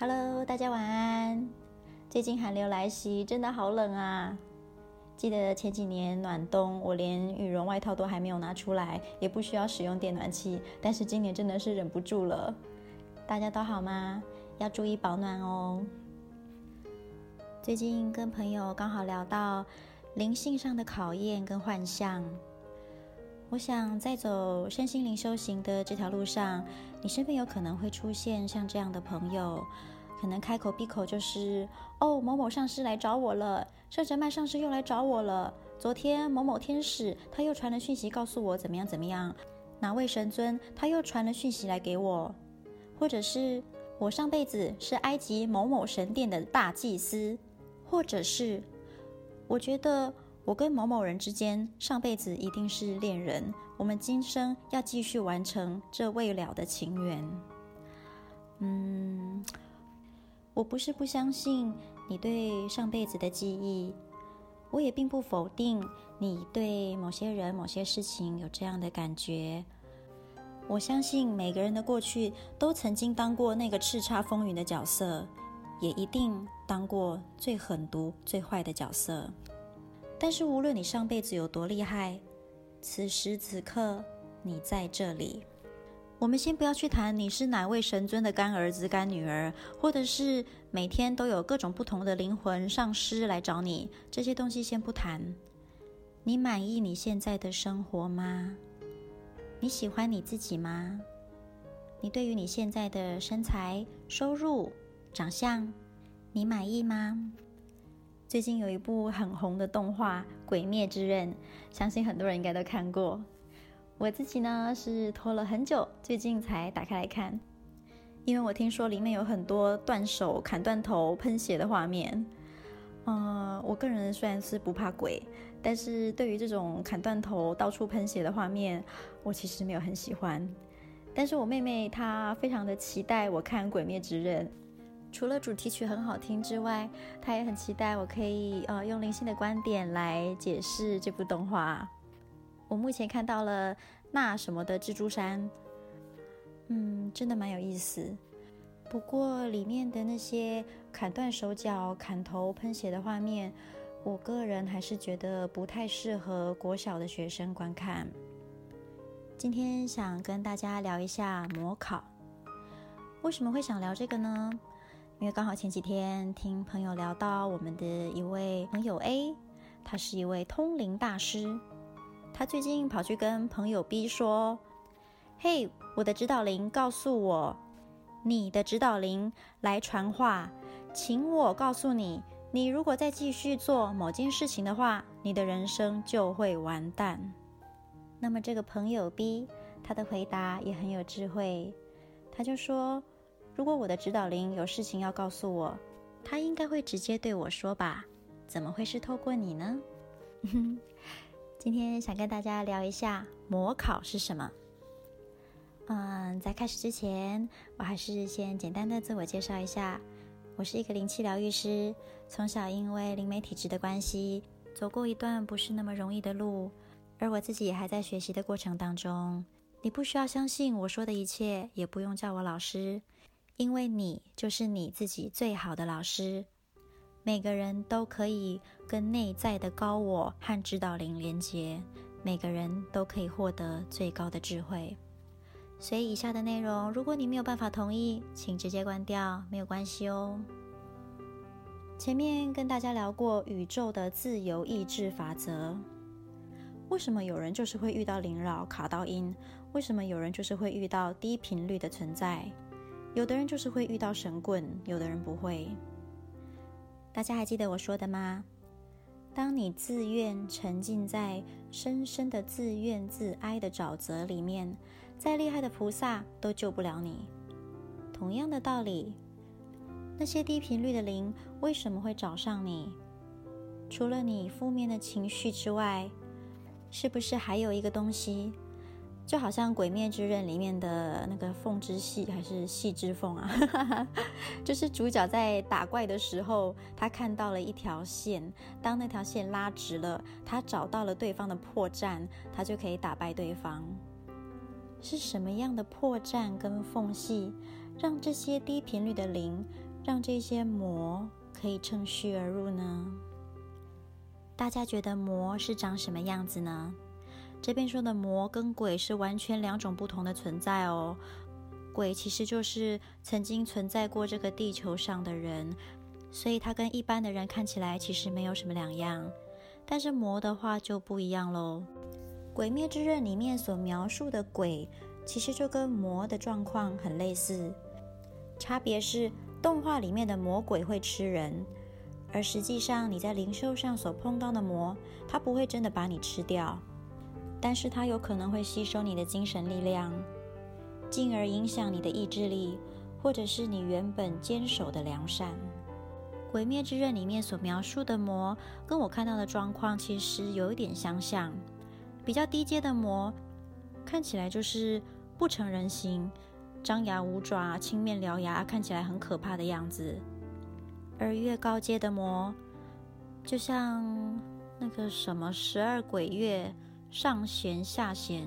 Hello，大家晚安。最近寒流來襲，真的好冷啊！記得前幾年暖冬，我連羽絨外套都還沒有拿出來，也不需要使用電暖器。但是今年真的是忍不住了。大家都好嗎？要注意保暖哦。最近跟朋友剛好聊到靈性上的考驗跟幻象，我想在走身心靈修行的這條路上，你身邊有可能會出現像這樣的朋友，可能開口閉口就是“哦，某某上師來找我了”，聖哲曼上師又來找我了。昨天某某天使他又傳了訊息告訴我怎麼樣怎麼樣，哪位神尊他又傳了訊息來給我，或者是我上輩子是埃及某某神殿的大祭司，或者是我覺得我跟某某人之間上輩子一定是戀人。我們今生要繼續完成這未了的情緣。嗯，我不是不相信你對上輩子的記憶，我也並不否定你對某些人、某些事情有這樣的感覺。我相信每個人的過去都曾經當過那個叱咤風雲的角色，也一定當過最狠毒、最壞的角色。但是，無論你上輩子有多厲害，此時此刻，你在這裡。我們先不要去談你是哪位神尊的乾兒子、乾女兒，或者是每天都有各種不同的靈魂上師來找你，這些東西先不談。你滿意你現在的生活嗎？你喜歡你自己嗎？你對於你現在的身材、收入、長相，你滿意嗎？最近有一部很紅的動畫《鬼滅之刃》，相信很多人應該都看過。我自己呢是拖了很久，最近才打開來看。因為我聽說裡面有很多斷手、砍斷頭、噴血的畫面。嗯、呃，我個人雖然是不怕鬼，但是對於這種砍斷頭、到處噴血的畫面，我其實沒有很喜歡。但是我妹妹她非常的期待我看《鬼滅之刃》。除了主題曲很好聽之外，他也很期待我可以呃用靈性的觀點來解釋這部動畫。我目前看到了那什麼的蜘蛛山，嗯，真的蠻有意思。不過裡面的那些砍斷手腳、砍頭噴血的畫面，我個人還是覺得不太適合國小的學生觀看。今天想跟大家聊一下魔考，為什麼會想聊這個呢？因為剛好前幾天聽朋友聊到我們的一位朋友 A，他是一位通靈大師。他最近跑去跟朋友 B 說：“嘿，我的指導靈告訴我，你的指導靈來傳話，請我告訴你，你如果再繼續做某件事情的話，你的人生就會完蛋。”那麼這個朋友 B，他的回答也很有智慧，他就說。如果我的指導靈有事情要告訴我，他應該會直接對我說吧？怎麼會是透過你呢？ 今天想跟大家聊一下魔考是什麼。嗯，在開始之前，我還是先簡單的自我介紹一下。我是一個靈氣療癒師，從小因為靈媒體質的關係，走過一段不是那麼容易的路，而我自己也還在學習的過程當中。你不需要相信我說的一切，也不用叫我老師。因為你就是你自己最好的老師，每個人都可以跟內在的高我和指導靈連接，每個人都可以獲得最高的智慧。所以以下的內容，如果你沒有辦法同意，請直接關掉，沒有關係哦。前面跟大家聊過宇宙的自由意志法則，為什麼有人就是會遇到靈擾、卡到陰？為什麼有人就是會遇到低頻率的存在？有的人就是會遇到神棍，有的人不會。大家還記得我說的嗎？當你自願沉浸在深深的自怨自哀的沼澤裡面，再厲害的菩薩都救不了你。同樣的道理，那些低頻率的靈為什麼會找上你？除了你負面的情緒之外，是不是還有一個東西？就好像《鬼滅之刃》裡面的那個縫之隙還是隙之縫啊， 就是主角在打怪的時候，他看到了一條線，當那條線拉直了，他找到了對方的破綻，他就可以打敗對方。是什麼樣的破綻跟縫隙，讓這些低頻率的靈，讓這些魔可以趁虛而入呢？大家覺得魔是長什麼樣子呢？這邊說的魔跟鬼是完全兩種不同的存在哦。鬼其實就是曾經存在過這個地球上的人，所以它跟一般的人看起來其實沒有什麼兩樣。但是魔的話就不一樣嘍。《鬼滅之刃》裡面所描述的鬼，其實就跟魔的狀況很類似，差別是動畫裡面的魔鬼會吃人，而實際上你在靈修上所碰到的魔，它不會真的把你吃掉。但是它有可能會吸收你的精神力量，進而影響你的意志力，或者是你原本堅守的良善。《鬼滅之刃》裡面所描述的魔，跟我看到的狀況其實有一點相像。比較低階的魔，看起來就是不成人形，張牙舞爪、青面獠牙，看起來很可怕的樣子；而越高階的魔，就像那個什麼十二鬼月。上弦下弦，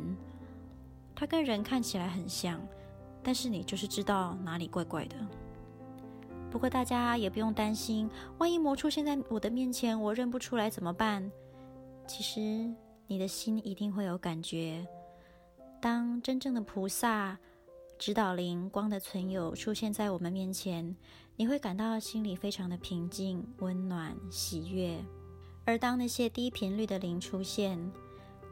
它跟人看起來很像，但是你就是知道哪裡怪怪的。不過大家也不用擔心，萬一魔出現在我的面前，我認不出來怎麼辦？其實你的心一定會有感覺。當真正的菩薩、指導靈、光的存有出現在我們面前，你會感到心裡非常的平靜、溫暖、喜悅。而當那些低頻率的靈出現，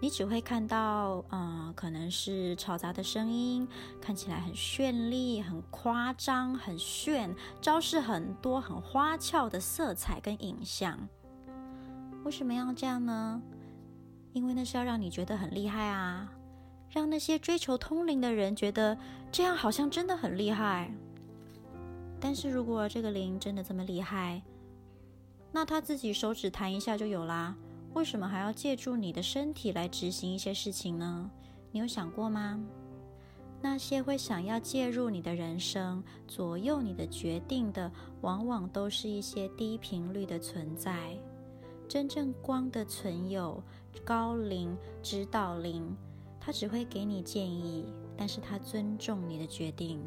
你只會看到，嗯、呃，可能是嘈雜的聲音，看起來很絢麗、很誇張、很炫，招式很多、很花俏的色彩跟影像。為什麼要這樣呢？因為那是要讓你覺得很厲害啊，讓那些追求通靈的人覺得這樣好像真的很厲害。但是如果這個靈真的這麼厲害，那他自己手指彈一下就有啦。為什麼還要借助你的身體來執行一些事情呢？你有想過嗎？那些會想要介入你的人生、左右你的決定的，往往都是一些低頻率的存在。真正光的存有、高靈、指導靈，他只會給你建議，但是他尊重你的決定。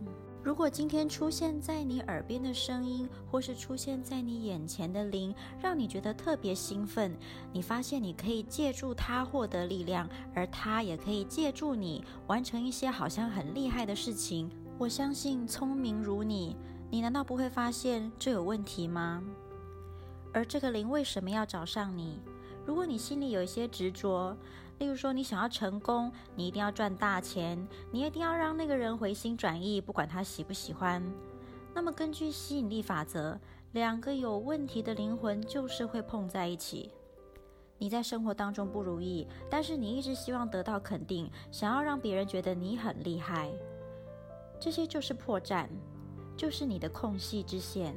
如果今天出現在你耳邊的聲音，或是出現在你眼前的靈，讓你覺得特別興奮，你發現你可以借助它獲得力量，而它也可以借助你完成一些好像很厲害的事情。我相信聰明如你，你難道不會發現這有問題嗎？而這個靈為什麼要找上你？如果你心裡有一些執着。例如說，你想要成功，你一定要賺大錢，你一定要讓那個人回心轉意，不管他喜不喜歡。那麼，根據吸引力法則，兩個有問題的靈魂就是會碰在一起。你在生活當中不如意，但是你一直希望得到肯定，想要讓別人覺得你很厲害，這些就是破綻，就是你的空隙之線，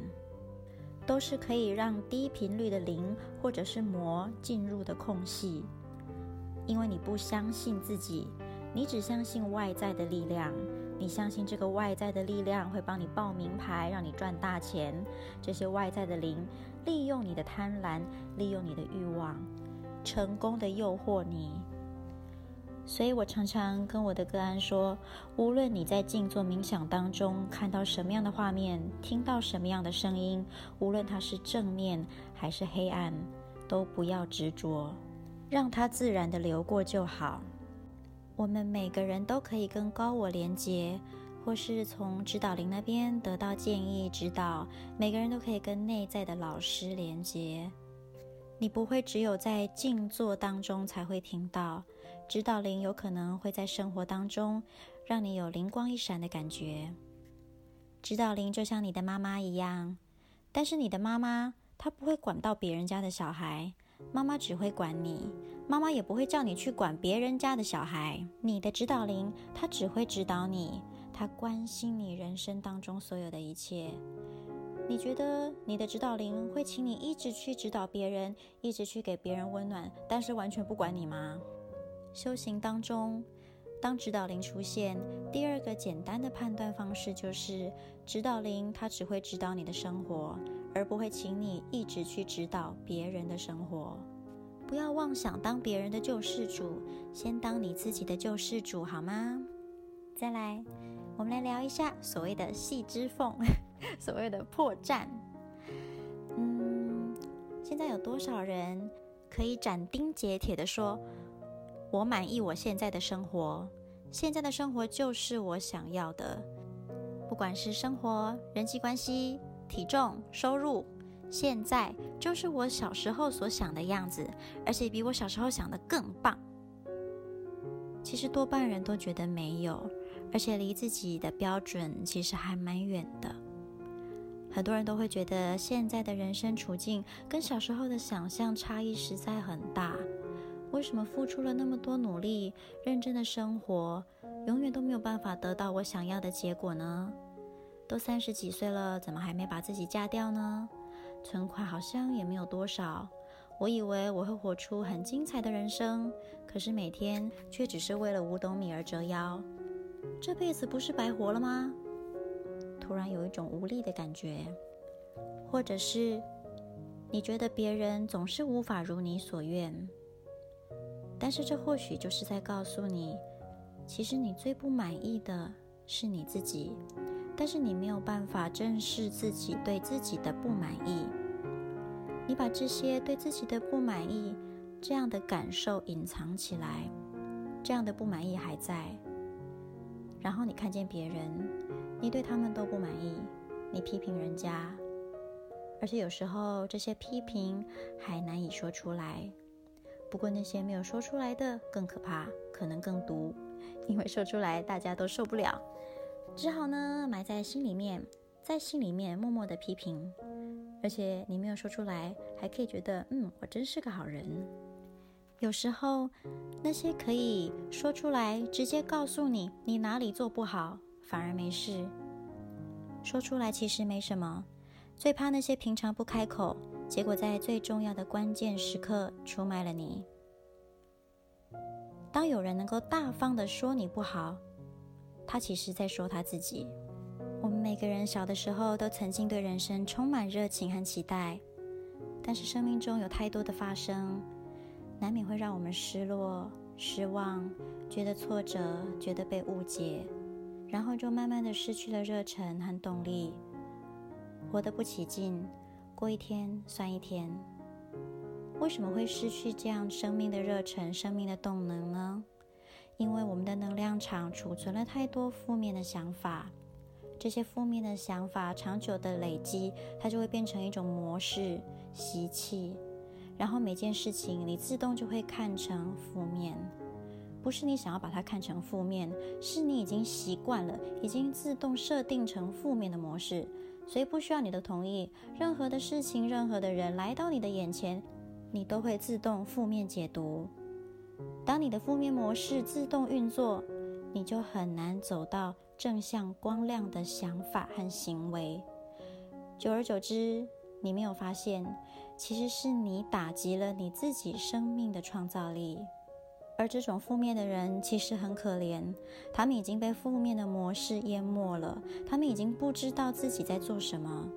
都是可以讓低頻率的靈或者是魔進入的空隙。因為你不相信自己，你只相信外在的力量，你相信這個外在的力量會幫你報名牌，讓你賺大錢。這些外在的靈利用你的貪婪，利用你的慾望，成功的誘惑你。所以我常常跟我的個案說，無論你在靜坐冥想當中看到什麼樣的畫面，聽到什麼樣的聲音，無論它是正面還是黑暗，都不要執着。讓它自然的流過就好。我們每個人都可以跟高我連接，或是從指導靈那邊得到建議指導。每個人都可以跟內在的老師連接。你不會只有在靜坐當中才會聽到，指導靈有可能會在生活當中讓你有靈光一閃的感覺。指導靈就像你的媽媽一樣，但是你的媽媽她不會管到別人家的小孩。媽媽只會管你，媽媽也不會叫你去管別人家的小孩。你的指導靈，它只會指導你，它關心你人生當中所有的一切。你覺得你的指導靈會請你一直去指導別人，一直去給別人溫暖，但是完全不管你嗎？修行當中，當指導靈出現，第二個簡單的判斷方式就是，指導靈它只會指導你的生活。而不會請你一直去指導別人的生活，不要妄想當別人的救世主，先當你自己的救世主好嗎？再來，我們來聊一下所謂的細枝縫，所謂的破綻。嗯，現在有多少人可以斬釘截鐵地說，我滿意我現在的生活，現在的生活就是我想要的，不管是生活、人際關係。體重、收入，現在就是我小時候所想的樣子，而且比我小時候想的更棒。其實多半人都覺得沒有，而且離自己的標準其實還蠻遠的。很多人都會覺得現在的人生處境跟小時候的想象差異實在很大。為什麼付出了那麼多努力，認真的生活，永遠都沒有辦法得到我想要的結果呢？都三十幾歲了，怎麼還沒把自己嫁掉呢？存款好像也沒有多少。我以為我會活出很精彩的人生，可是每天卻只是為了五斗米而折腰，這輩子不是白活了嗎？突然有一種無力的感覺，或者是你覺得別人總是無法如你所願，但是這或許就是在告訴你，其實你最不滿意的是你自己。但是你沒有辦法正視自己對自己的不滿意，你把這些對自己的不滿意這樣的感受隱藏起來，這樣的不滿意還在。然後你看見別人，你對他們都不滿意，你批評人家，而且有時候這些批評還難以說出來。不過那些沒有說出來的更可怕，可能更毒，因為說出來大家都受不了。只好呢，埋在心裡面，在心裡面默默的批評，而且你沒有說出來，還可以覺得嗯，我真是個好人。有時候那些可以說出來，直接告訴你你哪裡做不好，反而沒事。說出來其實沒什麼，最怕那些平常不開口，結果在最重要的關鍵時刻出賣了你。當有人能夠大方的說你不好。他其實在說他自己。我們每個人小的時候，都曾經對人生充滿熱情和期待，但是生命中有太多的發生，難免會讓我們失落、失望，覺得挫折，覺得被誤解，然後就慢慢的失去了熱忱和動力，活得不起勁，過一天算一天。為什麼會失去這樣生命的熱忱、生命的動能呢？因為我們的能量場儲存了太多負面的想法，這些負面的想法長久的累積，它就會變成一種模式、習氣，然後每件事情你自動就會看成負面，不是你想要把它看成負面，是你已經習慣了，已經自動設定成負面的模式，所以不需要你的同意，任何的事情、任何的人來到你的眼前，你都會自動負面解讀。當你的負面模式自動運作，你就很難走到正向光亮的想法和行為。久而久之，你沒有發現，其實是你打擊了你自己生命的創造力。而這種負面的人其實很可憐，他們已經被負面的模式淹沒了，他們已經不知道自己在做什麼。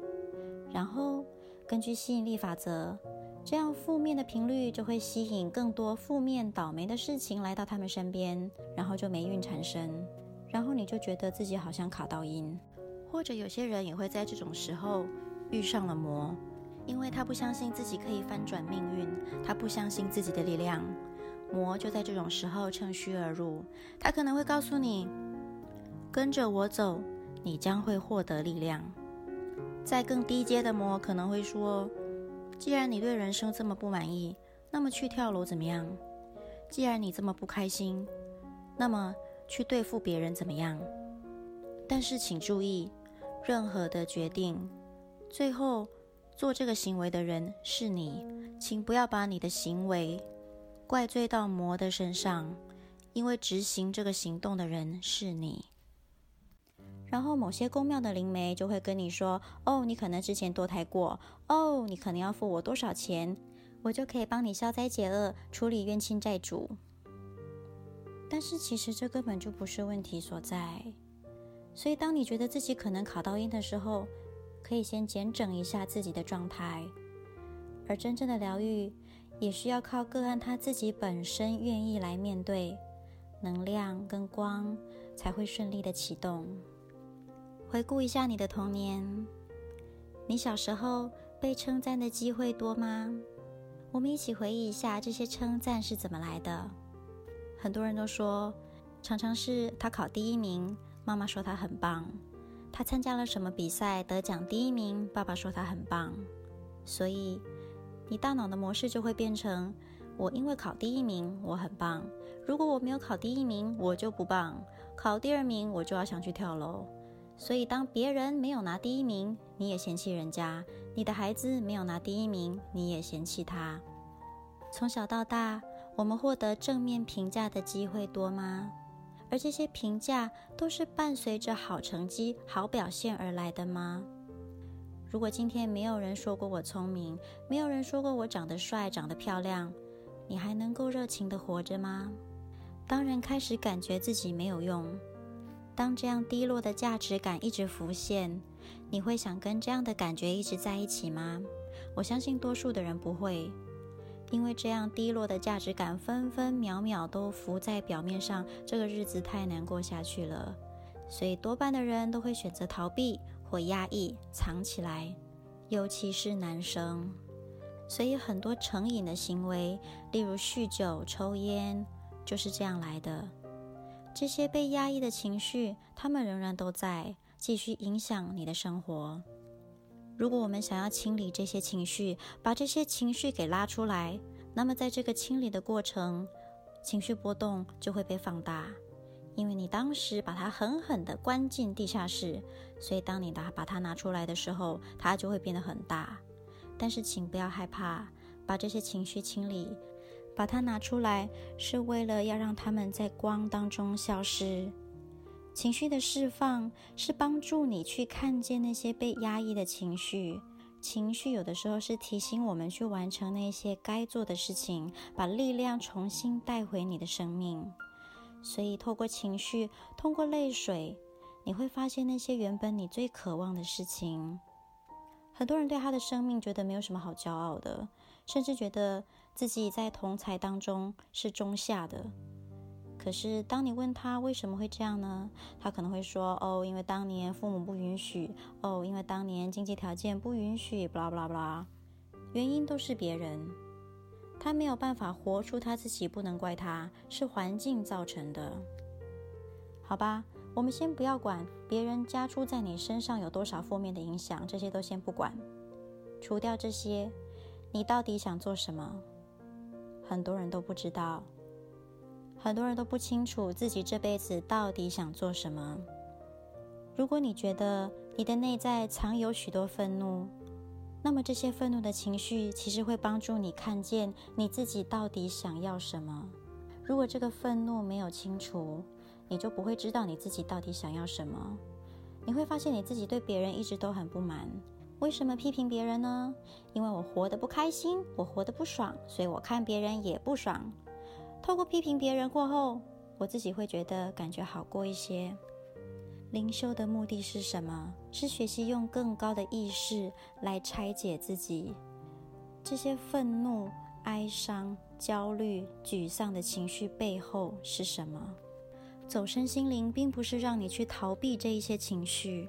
然後，根據吸引力法則，這樣負面的頻率就會吸引更多負面倒霉的事情來到他們身邊，然後就霉運纏身，然後你就覺得自己好像卡到陰，或者有些人也會在這種時候遇上了魔，因為他不相信自己可以翻轉命運，他不相信自己的力量，魔就在這種時候趁虛而入。他可能會告訴你，跟着我走，你將會獲得力量，在更低階的魔可能會說，既然你對人生這麼不滿意，那麼去跳樓怎麼樣？既然你這麼不開心，那麼去對付別人怎麼樣？但是請注意，任何的決定，最後做這個行為的人是你，請不要把你的行為怪罪到魔的身上，因為執行這個行動的人是你。然後，某些宮廟的靈媒就會跟你說：“哦，你可能之前墮胎過，哦，你可能要付我多少錢，我就可以幫你消災解厄、處理冤親債主。”但是其實這根本就不是問題所在。所以，當你覺得自己可能卡到陰的時候，可以先檢整一下自己的狀態。而真正的療癒，也需要靠個案他自己本身願意來面對，能量跟光才會順利的啟動。回顧一下你的童年，你小時候被稱讚的機會多嗎？我們一起回憶一下這些稱讚是怎麼來的。很多人都說，常常是他考第一名，媽媽說他很棒；他參加了什麼比賽，得獎第一名，爸爸說他很棒。所以，你大腦的模式就會變成：我因為考第一名，我很棒；如果我沒有考第一名，我就不棒；考第二名，我就要想去跳樓。所以，當別人沒有拿第一名，你也嫌棄人家；你的孩子沒有拿第一名，你也嫌棄他。從小到大，我們獲得正面評價的機會多嗎？而這些評價都是伴隨着好成績、好表現而來的嗎？如果今天沒有人說過我聰明，沒有人說過我長得帥、長得漂亮，你還能夠熱情地活着嗎？當人開始感覺自己沒有用。當這樣低落的價值感一直浮現，你會想跟這樣的感覺一直在一起嗎？我相信多數的人不會，因為這樣低落的價值感分分秒秒都浮在表面上，這個日子太難過下去了，所以多半的人都會選擇逃避或壓抑、藏起來，尤其是男生。所以很多成癮的行為，例如酗酒、抽菸，就是這樣來的。這些被壓抑的情緒，它們仍然都在繼續影響你的生活。如果我們想要清理這些情緒，把這些情緒給拉出來，那麼在這個清理的過程，情緒波動就會被放大，因為你當時把它狠狠地關進地下室，所以當你拿把它拿出來的時候，它就會變得很大。但是，請不要害怕，把這些情緒清理。把它拿出來，是為了要讓他們在光當中消失。情緒的釋放是幫助你去看見那些被壓抑的情緒。情緒有的時候是提醒我們去完成那些該做的事情，把力量重新帶回你的生命。所以，透過情緒，通過淚水，你會發現那些原本你最渴望的事情。很多人對他的生命覺得沒有什麼好驕傲的，甚至覺得自己在同儕當中是中下的。可是當你問他為什麼會這樣呢？他可能會說：“哦，因為當年父母不允許；哦，因為當年經濟條件不允許。”不啦不啦不啦，原因都是別人，他沒有辦法活出他自己，不能怪他，是環境造成的，好吧？我們先不要管別人加諸在你身上有多少負面的影響，這些都先不管。除掉這些，你到底想做什麼？很多人都不知道，很多人都不清楚自己這輩子到底想做什麼。如果你覺得你的內在藏有許多憤怒，那麼這些憤怒的情緒其實會幫助你看見你自己到底想要什麼。如果這個憤怒沒有清除，你就不會知道你自己到底想要什麼。你會發現你自己對別人一直都很不滿。為什麼批評別人呢？因為我活得不開心，我活得不爽，所以我看別人也不爽。透過批評別人過後，我自己會覺得感覺好過一些。靈修的目的是什麼？是學習用更高的意識來拆解自己。這些憤怒、哀傷、焦慮、沮喪的情緒背後是什麼？走身心靈，並不是讓你去逃避這一些情緒。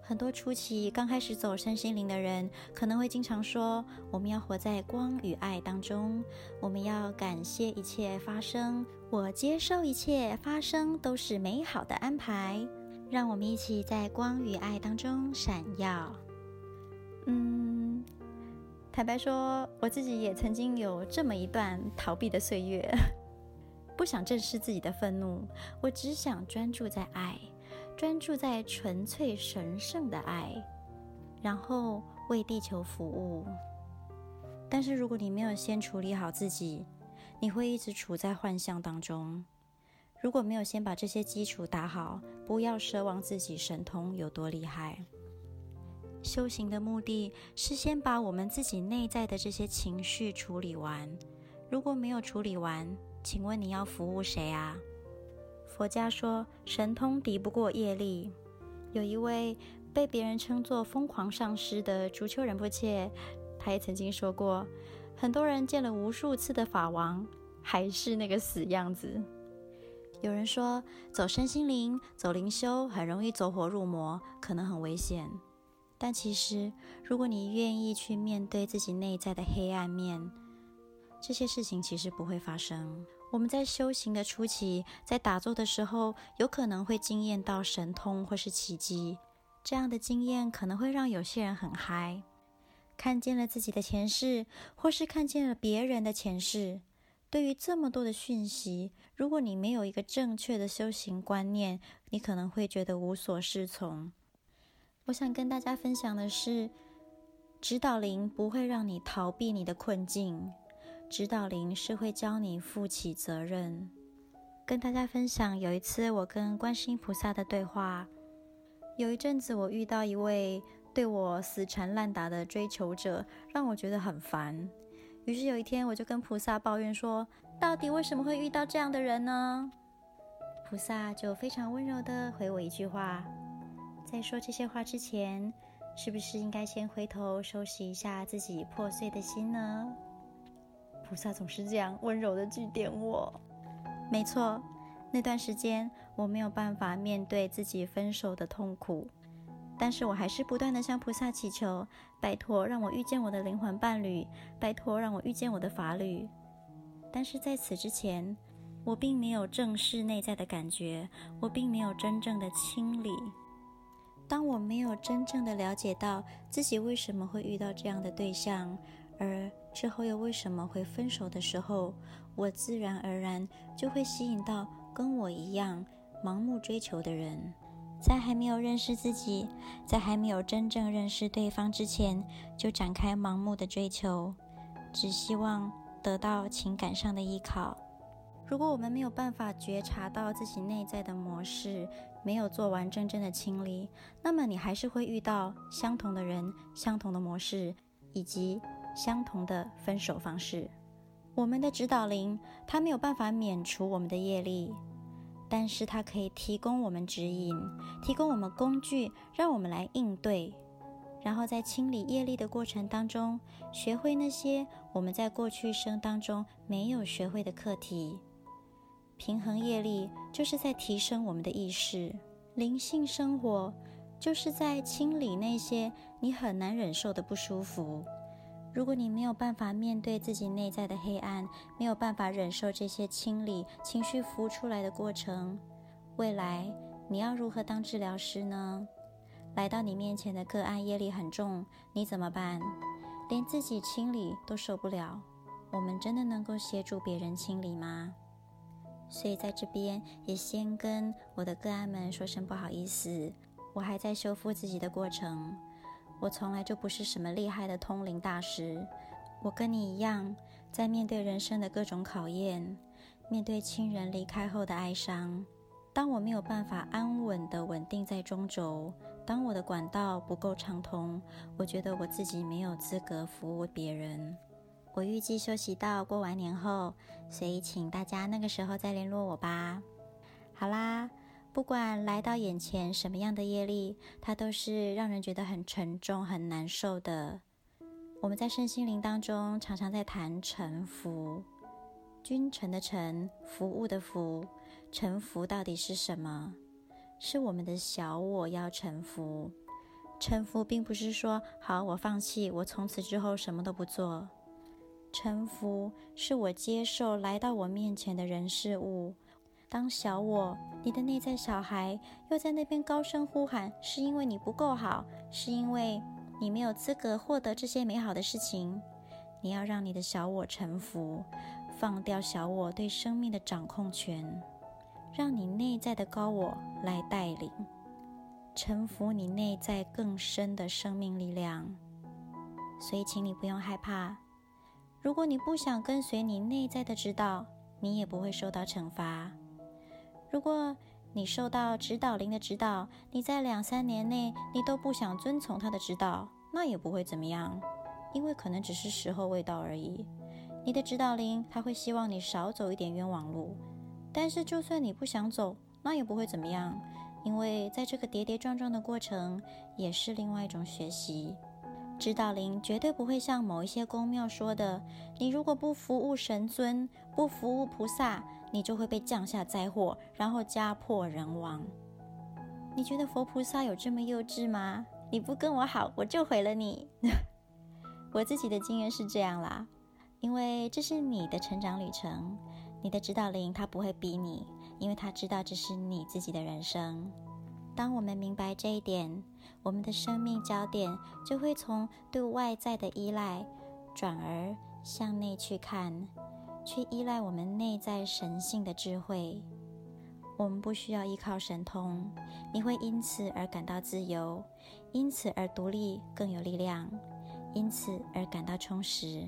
很多初期剛開始走身心靈的人，可能會經常說：“我們要活在光與愛當中，我們要感謝一切發生，我接受一切發生都是美好的安排。”讓我們一起在光與愛當中閃耀。嗯，坦白說，我自己也曾經有這麼一段逃避的歲月。不想正視自己的憤怒，我只想專注在愛，專注在純粹神聖的愛，然後為地球服務。但是，如果你沒有先處理好自己，你會一直處在幻象當中。如果沒有先把這些基礎打好，不要奢望自己神通有多厲害。修行的目的是先把我們自己內在的這些情緒處理完。如果沒有處理完，請問你要服務誰啊？佛家說神通敵不過業力。有一位被別人稱作“瘋狂上師”的竹秋仁波切，他也曾經說過，很多人見了無數次的法王，還是那個死樣子。有人說走身心靈、走靈修很容易走火入魔，可能很危險。但其實，如果你願意去面對自己內在的黑暗面，這些事情其實不會發生。我們在修行的初期，在打坐的時候，有可能會經驗到神通或是奇蹟。這樣的經驗可能會讓有些人很嗨，看見了自己的前世，或是看見了別人的前世。對於這麼多的訊息，如果你沒有一個正確的修行觀念，你可能會覺得無所適從。我想跟大家分享的是，指導靈不會讓你逃避你的困境。指導靈是會教你負起責任。跟大家分享，有一次我跟觀世音菩薩的對話。有一陣子，我遇到一位對我死纏爛打的追求者，讓我覺得很煩。於是有一天，我就跟菩薩抱怨說：“到底為什麼會遇到這樣的人呢？”菩薩就非常溫柔地回我一句話：“在說這些話之前，是不是應該先回頭收拾一下自己破碎的心呢？”菩薩總是這樣溫柔的去點我。沒錯，那段時間我沒有辦法面對自己分手的痛苦，但是我還是不斷的向菩薩祈求，拜託讓我遇見我的靈魂伴侶，拜託讓我遇見我的法侶。但是在此之前，我並沒有正視內在的感覺，我並沒有真正的清理。當我沒有真正的了解到自己為什麼會遇到這樣的對象，而之後又為什麼會分手的時候，我自然而然就會吸引到跟我一樣盲目追求的人。在還沒有認識自己，在還沒有真正認識對方之前，就展開盲目的追求，只希望得到情感上的依靠。如果我們沒有辦法覺察到自己內在的模式，沒有做完真正的清理，那麼你還是會遇到相同的人、相同的模式，以及相同的分手方式，我們的指導靈它沒有辦法免除我們的業力，但是它可以提供我們指引，提供我們工具，讓我們來應對。然後在清理業力的過程當中，學會那些我們在過去生當中沒有學會的課題。平衡業力就是在提升我們的意識，靈性生活就是在清理那些你很難忍受的不舒服。如果你沒有辦法面對自己內在的黑暗，沒有辦法忍受這些清理情緒浮出來的過程，未來你要如何當治療師呢？來到你面前的個案業力很重，你怎麼辦？連自己清理都受不了，我們真的能夠協助別人清理嗎？所以在這邊也先跟我的個案們說聲不好意思，我還在修復自己的過程。我從來就不是什麼厲害的通靈大師，我跟你一樣，在面對人生的各種考驗，面對親人離開後的哀傷。當我沒有辦法安穩的穩定在中軸，當我的管道不夠暢通，我覺得我自己沒有資格服務別人。我預計休息到過完年後，所以請大家那個時候再聯絡我吧。好啦。不管來到眼前什麼樣的業力，它都是讓人覺得很沉重、很難受的。我們在身心靈當中常常在談臣服，君臣的臣，服務的服，臣服到底是什麼？是我們的小我要臣服。臣服並不是說好，我放棄，我從此之後什麼都不做。臣服是我接受來到我面前的人事物。當小我，你的內在小孩又在那邊高聲呼喊，是因為你不夠好，是因為你沒有資格獲得這些美好的事情。你要讓你的小我臣服，放掉小我對生命的掌控權，讓你內在的高我來帶領，臣服你內在更深的生命力量。所以，請你不用害怕，如果你不想跟隨你內在的指導，你也不會受到懲罰。如果你受到指導靈的指導，你在兩三年內你都不想遵從他的指導，那也不會怎麼樣，因為可能只是時候未到而已。你的指導靈他會希望你少走一點冤枉路，但是就算你不想走，那也不會怎麼樣，因為在這個跌跌撞撞的過程也是另外一種學習。指導靈絕對不會像某一些宮廟說的，你如果不服務神尊，不服務菩薩，你就會被降下災禍，然後家破人亡。你覺得佛菩薩有這麼幼稚嗎？你不跟我好，我就毀了你。 我自己的經驗是這樣啦，因為這是你的成長旅程，你的指導靈他不會逼你，因為他知道這是你自己的人生。當我們明白這一點，我們的生命焦點就會從對外在的依賴，轉而向內去看。去依賴我們內在神性的智慧，我們不需要依靠神通。你會因此而感到自由，因此而獨立，更有力量，因此而感到充實。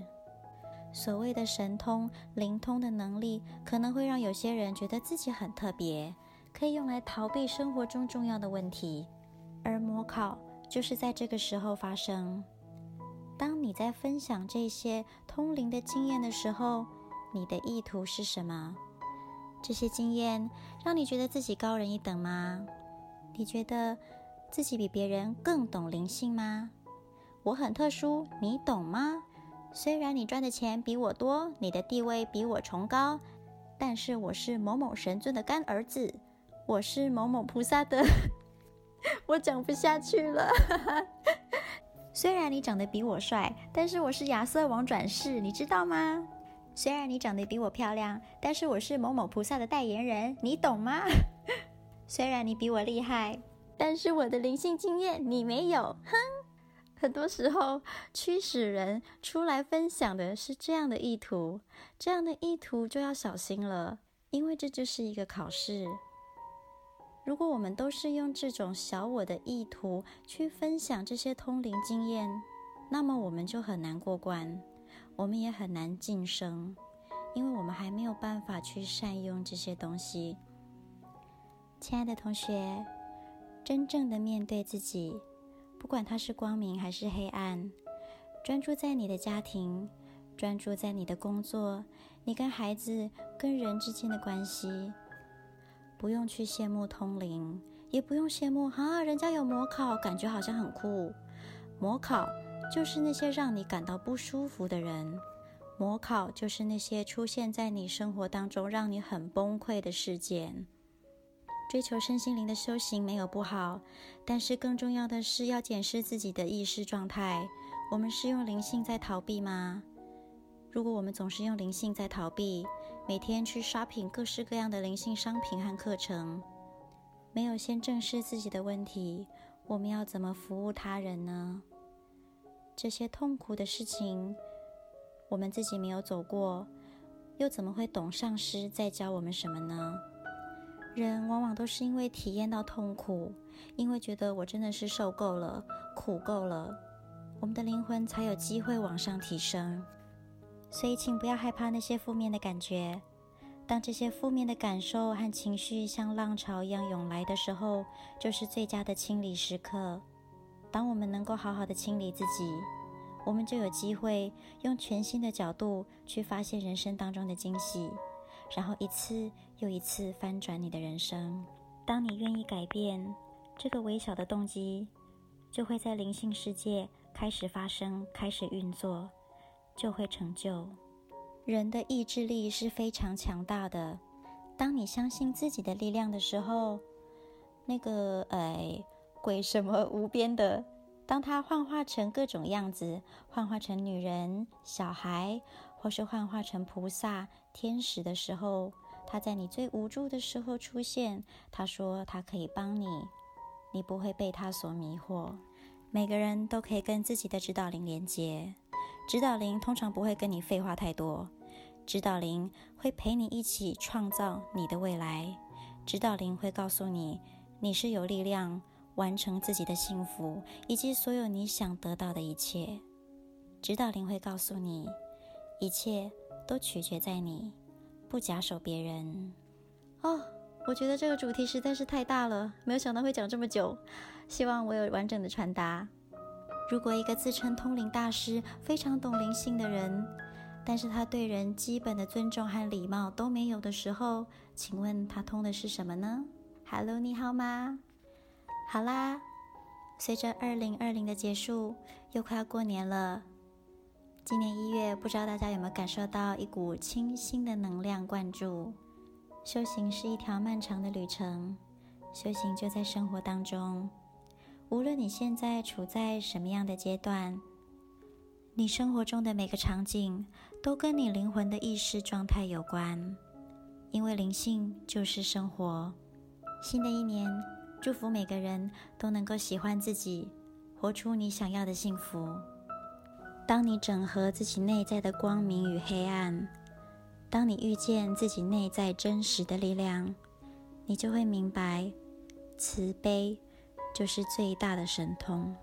所謂的神通靈通的能力，可能會讓有些人覺得自己很特別，可以用來逃避生活中重要的問題。而魔考就是在這個時候發生。當你在分享這些通靈的經驗的時候，你的意圖是什麼？這些經驗讓你覺得自己高人一等嗎？你覺得自己比別人更懂靈性嗎？我很特殊，你懂嗎？雖然你賺的錢比我多，你的地位比我崇高，但是我是某某神尊的乾兒子，我是某某菩薩的…… 我講不下去了。 雖然你長得比我帥，但是我是亞瑟王轉世，你知道嗎？雖然你長得比我漂亮，但是我是某某菩薩的代言人，你懂嗎？ 雖然你比我厲害，但是我的靈性經驗你沒有，哼！很多時候驅使人出來分享的是這樣的意圖，這樣的意圖就要小心了，因為這就是一個考試。如果我們都是用這種小我的意圖去分享這些通靈經驗，那麼我們就很難過關。我們也很難晉升，因為我們還沒有辦法去善用這些東西。親愛的同學，真正的面對自己，不管它是光明還是黑暗，專注在你的家庭，專注在你的工作，你跟孩子、跟人之間的關係，不用去羨慕通靈，也不用羨慕啊，人家有魔考，感覺好像很酷，魔考。就是那些讓你感到不舒服的人，魔考就是那些出現在你生活當中讓你很崩潰的事件。追求身心靈的修行沒有不好，但是更重要的是要檢視自己的意識狀態。我們是用靈性在逃避嗎？如果我們總是用靈性在逃避，每天去 shopping 各式各樣的靈性商品和課程，沒有先正視自己的問題，我們要怎麼服務他人呢？這些痛苦的事情，我們自己沒有走過，又怎麼會懂上師在教我們什麼呢？人往往都是因為體驗到痛苦，因為覺得我真的是受夠了、苦夠了，我們的靈魂才有機會往上提升。所以，請不要害怕那些負面的感覺。當這些負面的感受和情緒像浪潮一樣湧來的時候，就是最佳的清理時刻。當我們能夠好好的清理自己，我們就有機會用全新的角度去發現人生當中的驚喜，然後一次又一次翻轉你的人生。當你願意改變，這個微小的動機就會在靈性世界開始發生，開始運作，就會成就。人的意志力是非常強大的，當你相信自己的力量的時候，那個呃。哎鬼什麼無邊的，當他幻化成各種樣子，幻化成女人、小孩，或是幻化成菩薩、天使的時候，他在你最無助的時候出現。他說他可以幫你，你不會被他所迷惑。每個人都可以跟自己的指導靈連接，指導靈通常不會跟你廢話太多，指導靈會陪你一起創造你的未來。指導靈會告訴你，你是有力量。完成自己的幸福，以及所有你想得到的一切。指導靈會告訴你，一切都取決於你，不假手別人。哦，我覺得這個主題實在是太大了，沒有想到會講這麼久。希望我有完整的傳達。如果一個自稱通靈大師，非常懂靈性的人，但是他對人基本的尊重和禮貌都沒有的時候，請問他通的是什麼呢？Hello，你好嗎？好啦，隨着二零二零的結束，又快要過年了。今年一月，不知道大家有沒有感受到一股清新的能量灌注？修行是一條漫長的旅程，修行就在生活當中。無論你現在處在什麼樣的階段，你生活中的每個場景都跟你靈魂的意識狀態有關，因為靈性就是生活。新的一年。祝福每個人都能夠喜歡自己，活出你想要的幸福。當你整合自己內在的光明與黑暗，當你遇見自己內在真實的力量，你就會明白，慈悲就是最大的神通。